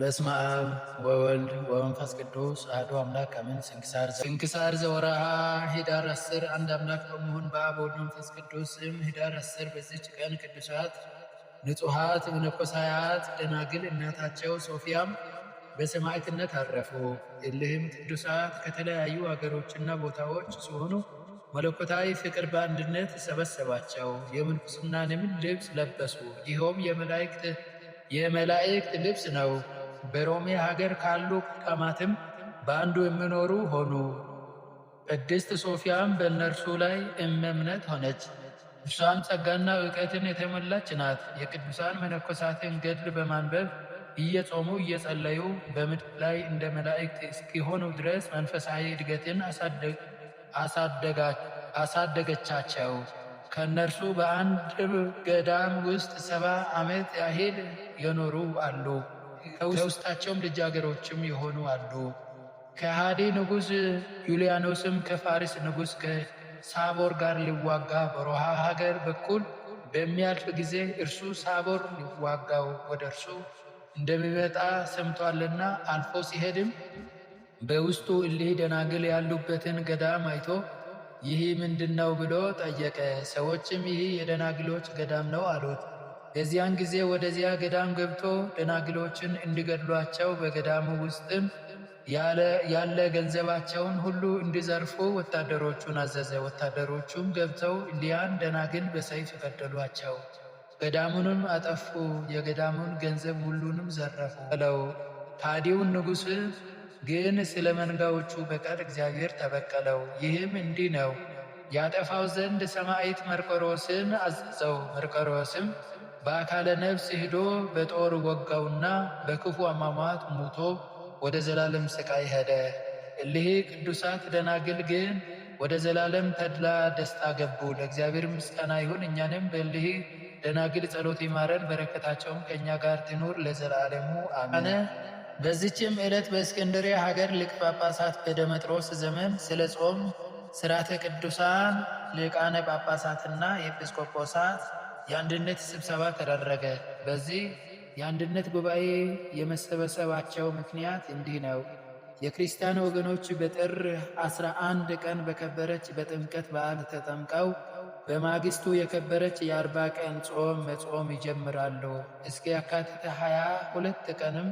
በስመ አብ ወወልድ ወመንፈስ ቅዱስ አሐዱ አምላክ አሜን። ስንክሳር ስንክሳር ዘወርኀ ኅዳር አስር አንድ አምላክ በመሆን በአብ ወልድ መንፈስ ቅዱስ ስም ኅዳር አስር በዚች ቀን ቅዱሳት ንጹሐት መነኮሳያት ደናግል እናታቸው ሶፊያም በሰማዕትነት አረፉ። እሊህም ቅዱሳት ከተለያዩ አገሮችና ቦታዎች ሲሆኑ መለኮታዊ ፍቅር በአንድነት ሰበሰባቸው። የምንኩስናንም ልብስ ለበሱ። ይኸውም የመላእክት ልብስ ነው። በሮሜ ሀገር ካሉ ቀማትም በአንዱ የሚኖሩ ሆኑ። ቅድስት ሶፊያም በእነርሱ ላይ እመምነት ሆነች። እርሷም ጸጋና እውቀትን የተሞላች ናት። የቅዱሳን መነኮሳትን ገድል በማንበብ እየጾሙ እየጸለዩ በምድር ላይ እንደ መላእክት እስኪሆኑ ድረስ መንፈሳዊ እድገትን አሳደገቻቸው። ከእነርሱ በአንድ ገዳም ውስጥ ሰባ ዓመት ያህል የኖሩ አሉ። ከውስጣቸውም ልጃገሮችም የሆኑ አሉ። ከሃዲ ንጉሥ ዩልያኖስም ከፋሪስ ንጉሥ ከሳቦር ጋር ሊዋጋ በሮሃ ሀገር በኩል በሚያልፍ ጊዜ እርሱ ሳቦር ሊዋጋው ወደ እርሱ እንደሚመጣ ሰምቷልና አልፎ ሲሄድም በውስጡ እሊህ ደናግል ያሉበትን ገዳም አይቶ ይህ ምንድን ነው ብሎ ጠየቀ። ሰዎችም ይህ የደናግሎች ገዳም ነው አሉት። በዚያን ጊዜ ወደዚያ ገዳም ገብቶ ደናግሎችን እንዲገድሏቸው በገዳሙ ውስጥም ያለ ገንዘባቸውን ሁሉ እንዲዘርፉ ወታደሮቹን አዘዘ። ወታደሮቹም ገብተው ሊያን ደናግል በሰይፍ ገደሏቸው፣ ገዳሙንም አጠፉ፣ የገዳሙን ገንዘብ ሁሉንም ዘረፉ ብለው ታዲውን ንጉሥ ግን ስለ መንጋዎቹ በቀር እግዚአብሔር ተበቀለው። ይህም እንዲህ ነው ያጠፋው ዘንድ ሰማዕት መርቆሮስን አዘዘው። መርቆሮስም በአካለ ነፍስ ሄዶ በጦር ወጋውና በክፉ አሟሟት ሙቶ ወደ ዘላለም ስቃይ ሄደ። እሊህ ቅዱሳት ደናግል ግን ወደ ዘላለም ተድላ ደስታ ገቡ። ለእግዚአብሔር ምስጋና ይሁን። እኛንም በእሊህ ደናግል ጸሎት ይማረን፣ በረከታቸውም ከእኛ ጋር ትኑር ለዘላለሙ አሜን። በዚችም ዕለት በእስክንድርያ ሀገር ሊቀ ጳጳሳት በደመጥሮስ ዘመን ስለ ጾም ሥርዓተ ቅዱሳን ሊቃነ ጳጳሳትና ኤጲስቆጶሳት የአንድነት ስብሰባ ተደረገ። በዚህ የአንድነት ጉባኤ የመሰበሰባቸው ምክንያት እንዲህ ነው። የክርስቲያን ወገኖች በጥር 11 ቀን በከበረች በጥምቀት በዓል ተጠምቀው በማግስቱ የከበረች የአርባ ቀን ጾም መጾም ይጀምራሉ። እስከ የካቲት 22 ቀንም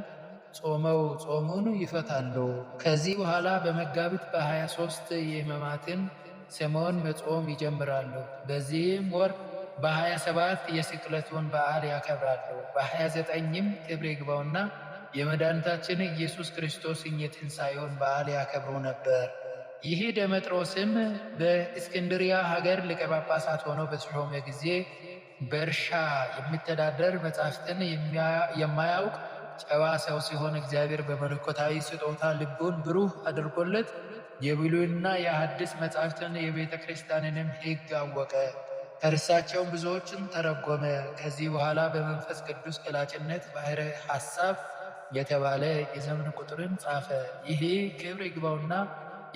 ጾመው ጾሙን ይፈታሉ። ከዚህ በኋላ በመጋቢት በ23 የሕማማትን ሰሞን መጾም ይጀምራሉ። በዚህም ወር በሀያ ሰባት የስቅለቱን በዓል ያከብራሉ። በሀያ ዘጠኝም ክብር ይግባውና የመድኃኒታችን ኢየሱስ ክርስቶስ እኘት በዓል ያከብሩ ነበር። ይህ ደመጥሮስም በእስክንድሪያ ሀገር ሊቀ ጳጳሳት ሆኖ በተሾመ ጊዜ በእርሻ የሚተዳደር መጻሕፍትን የማያውቅ ጨዋ ሰው ሲሆን እግዚአብሔር በመለኮታዊ ስጦታ ልቡን ብሩህ አድርጎለት የብሉይና የአዲስ መጻሕፍትን የቤተ ክርስቲያንንም ሕግ አወቀ። እርሳቸውን ብዙዎችን ተረጎመ። ከዚህ በኋላ በመንፈስ ቅዱስ ቀላጭነት ባሕረ ሐሳብ የተባለ የዘመን ቁጥርን ጻፈ። ይህ ክብር ይግባውና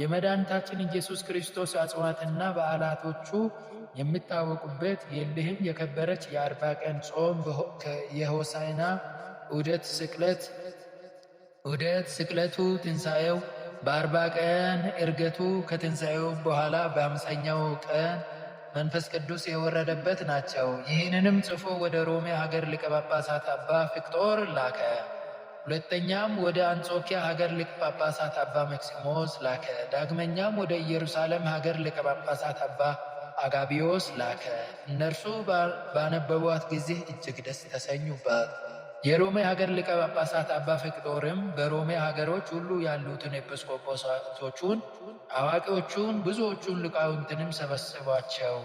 የመድኃኒታችን ኢየሱስ ክርስቶስ አጽዋትና በዓላቶቹ የሚታወቁበት የልህም የከበረች የአርባ ቀን ጾም የሆሳይና ዑደት ስቅለት ዑደት ስቅለቱ ትንሣኤው በአርባ ቀን እርገቱ ከትንሣኤው በኋላ በአምሳኛው ቀን መንፈስ ቅዱስ የወረደበት ናቸው። ይህንንም ጽፎ ወደ ሮሜ ሀገር ሊቀ ጳጳሳት አባ ፊቅጦር ላከ። ሁለተኛም ወደ አንጾኪያ ሀገር ሊቀ ጳጳሳት አባ መክሲሞስ ላከ። ዳግመኛም ወደ ኢየሩሳሌም ሀገር ሊቀ ጳጳሳት አባ አጋቢዮስ ላከ። እነርሱ ባነበቧት ጊዜ እጅግ ደስ ተሰኙባት። የሮሜ ሀገር ሊቀ ጳጳሳት አባ ፊቅጦርም በሮሜ ሀገሮች ሁሉ ያሉትን ኤጲስቆጶሳቶቹን አዋቂዎቹን ብዙዎቹን ሊቃውንትንም ሰበስቧቸው፣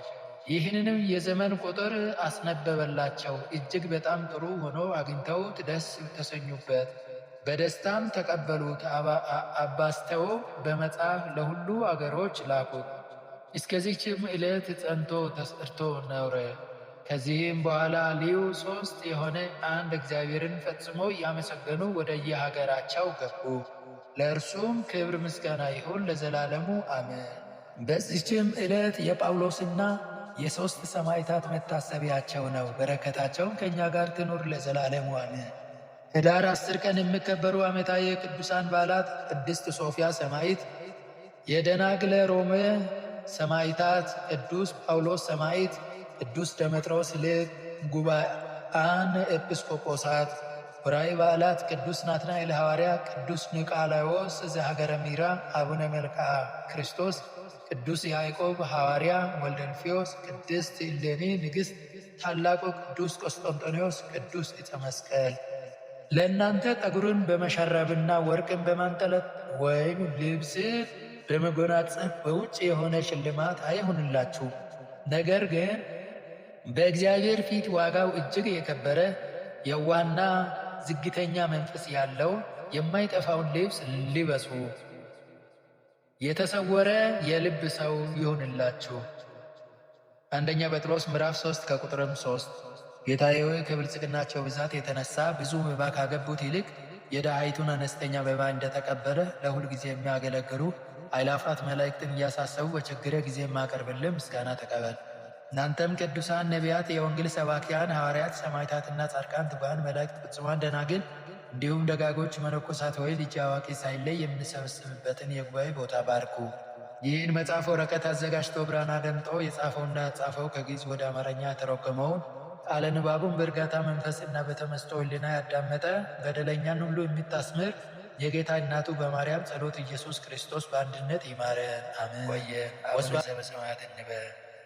ይህንንም የዘመን ቁጥር አስነበበላቸው። እጅግ በጣም ጥሩ ሆኖ አግኝተውት ደስ ተሰኙበት፣ በደስታም ተቀበሉት። አባስተው በመጽሐፍ ለሁሉ አገሮች ላኩት። እስከዚህችም ዕለት ጸንቶ ተስርቶ ነውረ። ከዚህም በኋላ ልዩ ሶስት የሆነ አንድ እግዚአብሔርን ፈጽሞ እያመሰገኑ ወደ የሀገራቸው ገቡ። ለእርሱም ክብር ምስጋና ይሁን ለዘላለሙ አሜን። በዚችም ዕለት የጳውሎስና የሦስት ሰማዕታት መታሰቢያቸው ነው። በረከታቸውን ከእኛ ጋር ትኑር ለዘላለሙ አሜን። ህዳር አስር ቀን የሚከበሩ ዓመታዊ የቅዱሳን በዓላት ቅድስት ሶፊያ ሰማዕት፣ የደናግለ ሮሜ ሰማዕታት፣ ቅዱስ ጳውሎስ ሰማዕት ቅዱስ ደሜጥሮስ ሊቅ ጉባኤአነ ኤጲስቆጶሳት ወርኃዊ በዓላት ቅዱስ ናትናኤል ሐዋርያ፣ ቅዱስ ኒቃላዎስ ዘሀገረ ሚራ፣ አቡነ መልክዓ ክርስቶስ፣ ቅዱስ ያዕቆብ ሐዋርያ ወልደንፊዮስ፣ ቅድስት እሌኒ ንግሥት፣ ታላቁ ቅዱስ ቆስጠንጦኒዎስ፣ ቅዱስ ዕፀ መስቀል። ለእናንተ ጠጉርን በመሸረብና ወርቅን በማንጠለት ወይም ልብስ በመጎናጸፍ በውጭ የሆነ ሽልማት አይሁንላችሁ ነገር ግን በእግዚአብሔር ፊት ዋጋው እጅግ የከበረ የዋና ዝግተኛ መንፈስ ያለው የማይጠፋውን ልብስ ሊበሱ የተሰወረ የልብ ሰው ይሁንላችሁ። አንደኛ ጴጥሮስ ምዕራፍ 3 ከቁጥርም 3 ጌታዬ ሆይ ከብልጽግናቸው ብዛት የተነሳ ብዙ መባ ካገቡት ይልቅ የድሃይቱን አነስተኛ መባ እንደተቀበለ ለሁል ጊዜ የሚያገለግሉ አይላፋት መላእክትን እያሳሰቡ በችግረ ጊዜ የማቀርብልህ ምስጋና ተቀበል። እናንተም ቅዱሳን ነቢያት፣ የወንጌል ሰባኪያን ሐዋርያት፣ ሰማዕታትና ጻድቃን፣ ትጉሃን መላእክት፣ ፍጹማን ደናግል እንዲሁም ደጋጎች መነኮሳት ወይ ልጅ አዋቂ ሳይለይ የምንሰበስብበትን የጉባኤ ቦታ ባርኩ። ይህን መጽሐፍ ወረቀት አዘጋጅቶ ብራና ደምጦ የጻፈውና ያጻፈው ከግዕዝ ወደ አማርኛ የተረጎመውን ቃለ ንባቡን በእርጋታ መንፈስና በተመስጦ ሕሊና ያዳመጠ በደለኛን ሁሉ የምታስምር የጌታ እናቱ በማርያም ጸሎት ኢየሱስ ክርስቶስ በአንድነት ይማረን። አምን ወየ